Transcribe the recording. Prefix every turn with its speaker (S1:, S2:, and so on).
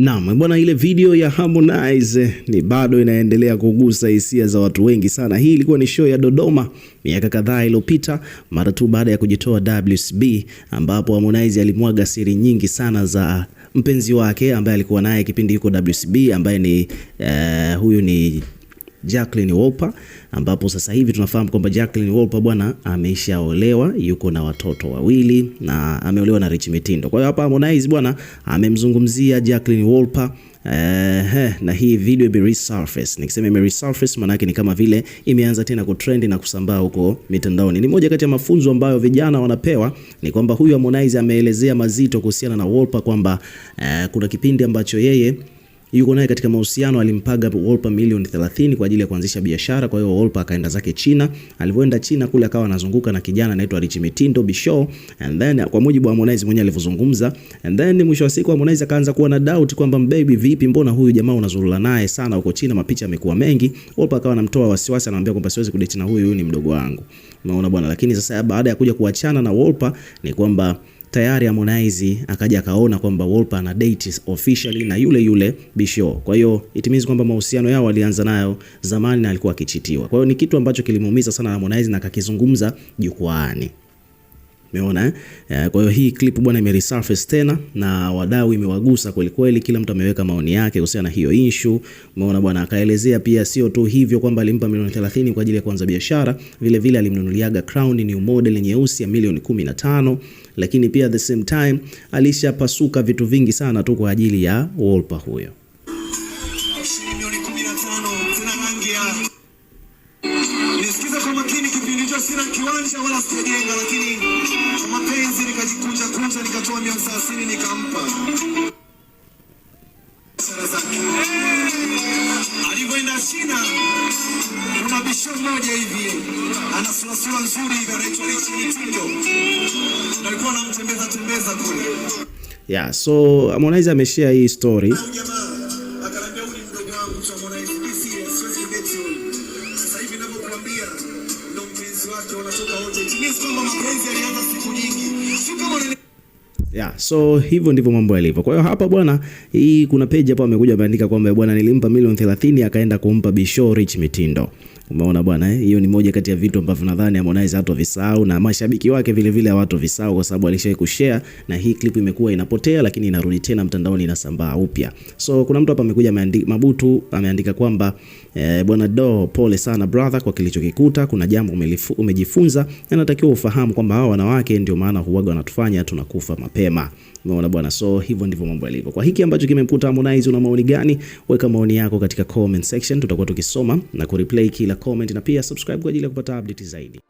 S1: Naam, bwana, ile video ya Harmonize eh, ni bado inaendelea kugusa hisia za watu wengi sana. Hii ilikuwa ni show ya Dodoma miaka kadhaa iliyopita, mara tu baada ya kujitoa WCB, ambapo Harmonize alimwaga siri nyingi sana za mpenzi wake ambaye alikuwa naye kipindi yuko WCB, ambaye ni uh, huyu ni Jacqueline Wolper, ambapo sasa hivi tunafahamu kwamba Jacqueline Wolper bwana ameshaolewa, yuko na watoto wawili na ameolewa na Rich Mitindo. Kwa hiyo hapa Harmonize bwana amemzungumzia Jacqueline Wolper. Uh, na hii video ime resurface. Nikisema ime resurface maana yake ni kama vile imeanza tena kutrend na kusambaa huko mitandaoni. Ni moja kati ya mafunzo ambayo vijana wanapewa ni kwamba huyu Harmonize ameelezea mazito kuhusiana na Wolper kwamba uh, kuna kipindi ambacho yeye yuko naye katika mahusiano, alimpaga Wolper milioni 30 kwa ajili ya kuanzisha biashara. Kwa hiyo Wolper akaenda zake China. Alivyoenda China kule akawa anazunguka na kijana anaitwa Rich Mitindo Bisho, and then kwa mujibu wa Harmonize mwenyewe alivyozungumza, and then mwisho wa siku Harmonize akaanza kuwa na doubt kwamba mbebi, vipi, mbona huyu jamaa unazurula naye sana huko China, mapicha yamekuwa mengi. Wolper akawa anamtoa wasiwasi, anamwambia kwamba siwezi kudate na huyu, huyu ni mdogo wangu, unaona bwana. Lakini sasa baada ya kuja kuachana na Wolper ni kwamba tayari Harmonize akaja akaona kwamba Wolper ana date officially na yule yule Bisho. Kwa hiyo it means kwamba mahusiano yao walianza nayo zamani na alikuwa akichitiwa. Kwa hiyo ni kitu ambacho kilimuumiza sana Harmonize na akakizungumza jukwaani. Umeona eh? eh? Kwa hiyo hii clip bwana imeresurface tena na wadau imewagusa kweli kweli, kila mtu ameweka maoni yake kuhusiana na hiyo issue. Umeona bwana, akaelezea pia sio tu hivyo kwamba alimpa milioni 30 kwa ajili ya kuanza biashara, vile vile alimnunuliaga Crown new model nyeusi ya milioni 15, lakini pia at the same time alishapasuka vitu vingi sana tu kwa ajili ya Wolper huyo. sina kiwanja wala sijajenga lakini kesho nikatoa mia hamsini nikampa Alivyoenda China, kuna bisho mmoja hivi anasurasura nzuri hivi anaitwa Richi Mitindo, alikuwa anamtembeza tembeza kule yeah. So Harmonize ameshare hii story Yeah, so hivyo ndivyo mambo yalivyo. Kwa hiyo hapa bwana, hii kuna page hapa amekuja ameandika kwamba bwana, nilimpa milioni 30 akaenda kumpa Bisho Rich Mitindo. Umeona bwana eh? Hiyo ni moja kati ya vitu ambavyo nadhani Harmonize hata hatovisahau na mashabiki wake vile vile hawatovisahau kwa sababu alishai kushare na hii clip imekuwa inapotea lakini inarudi tena mtandaoni inasambaa upya. So kuna mtu hapa amekuja Mabutu ameandika kwamba eh, bwana Do, pole sana brother kwa kilichokikuta. Kuna jambo umejifunza na natakiwa ufahamu kwamba hao wanawake ndio maana huaga wanatufanya tunakufa mapema. Umeona bwana, so hivyo ndivyo mambo yalivyo. Kwa hiki ambacho kimemkuta Harmonize, una maoni gani? Weka maoni yako katika comment section, tutakuwa tukisoma na kureplay kila comment na pia subscribe kwa ajili ya kupata update zaidi.